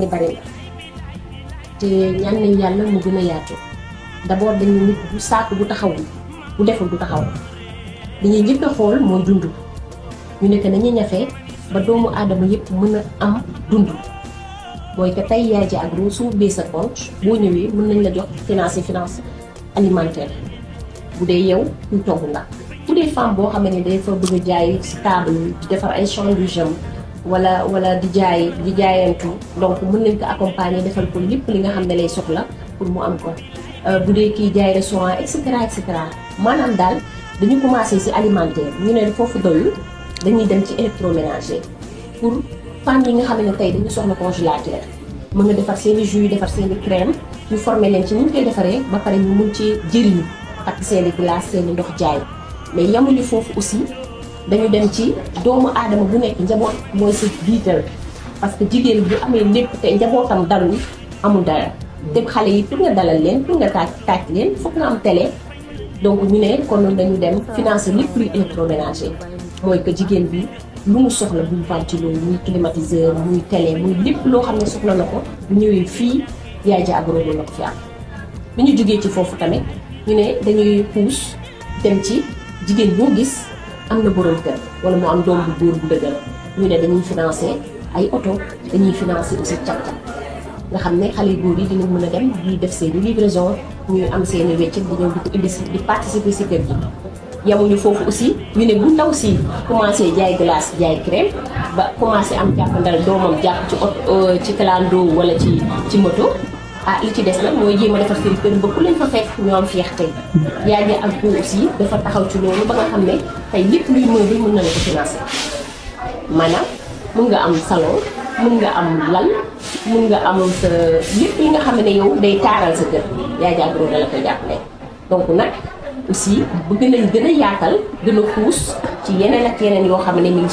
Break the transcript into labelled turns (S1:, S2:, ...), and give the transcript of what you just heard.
S1: ni bari na te ñaan nañ yàlla mu gën a yaatu d'abord dañu nit bu saako bu taxawul bu deful du taxaw li ñuy njëkk a xool mooy dund ñu nekk que nañu ñafe ba doomu aadama yëpp mën a am dund mooy que tey Yaye Dia Agro su ubbee sa compte boo ñëwee mën nañ la jox financé finance alimentaire bu dee yow ñu togg nga bu dee femme boo xam ne dafa bëgg a jaay si table yi defar ay champs de wala wala di jaay di jaayantu donc mën nañ ko accompagner defal ko lépp li nga xam ne lay soxla pour mu am ko euh, bu dee kii jaay restaurant et cetera et maanaam daal dañu commencé ci alimentaire ñu ne foofu doyul dañuy dem ci électroménager pour femme yi nga xam ne tey dañu soxla congélateur mën nga defar seen i jus defar seen i crème ñu former leen ci ni ñu defaree ba pare ñu mun ci jëriñu ak seen i glace seen i ndox jaay mais yamuñu foofu aussi. dañu dem ci doomu aadama bu nekk njaboot mooy sa jiital parce que jigéen bu amee lépp te njabootam dalul amul dara te xale yi pour nga dalal leen pour nga tàcc tàcc leen foog nga am télé donc ñu ne kon noonu dañu dem finance lépp luy électroménager mooy que jigéen bi lu mu soxla buy ventilo muy climatiseur muy télé muy lépp loo xam ne soxla na ko bu ñëwee fii yaay Dia Agro na ko fi am bi ñu jógee ci foofu tamit ñu ne dañuy puus dem ci jigéen boo gis am na borom kër wala mu am doom bu góor bu dëgër ñu ne dañuy financé ay oto dañuy financé aussi càq-càq nga xam ne xale góor yi dinañ mën a dem di def seen i livraison ñuy am seen i wéccet di ñëw di ko indi si di kër gi. yemuñu foofu aussi ñu ne bu ndaw si commencé jaay glace jaay crème ba commencé am jàppandal doomam jàpp ci ot euh, ci clando wala ci ci moto. ah li ci des na mooy jéem a defar kër ba ku leen fa fekk ñoo am tey yaa ngi ak góor aussi dafa taxaw ci loolu ba nga xam ne tey lépp luy meuble mën na la ko financé maanaam mën nga am salon mën nga am lal mun nga am sa lépp li nga xam ne yow day taaral sa kër yaa ngi ak góor la ko jàppale donc nag aussi bëgg nañ gën a yaatal gën a xuus ci yeneen ak yeneen yoo xam ne mi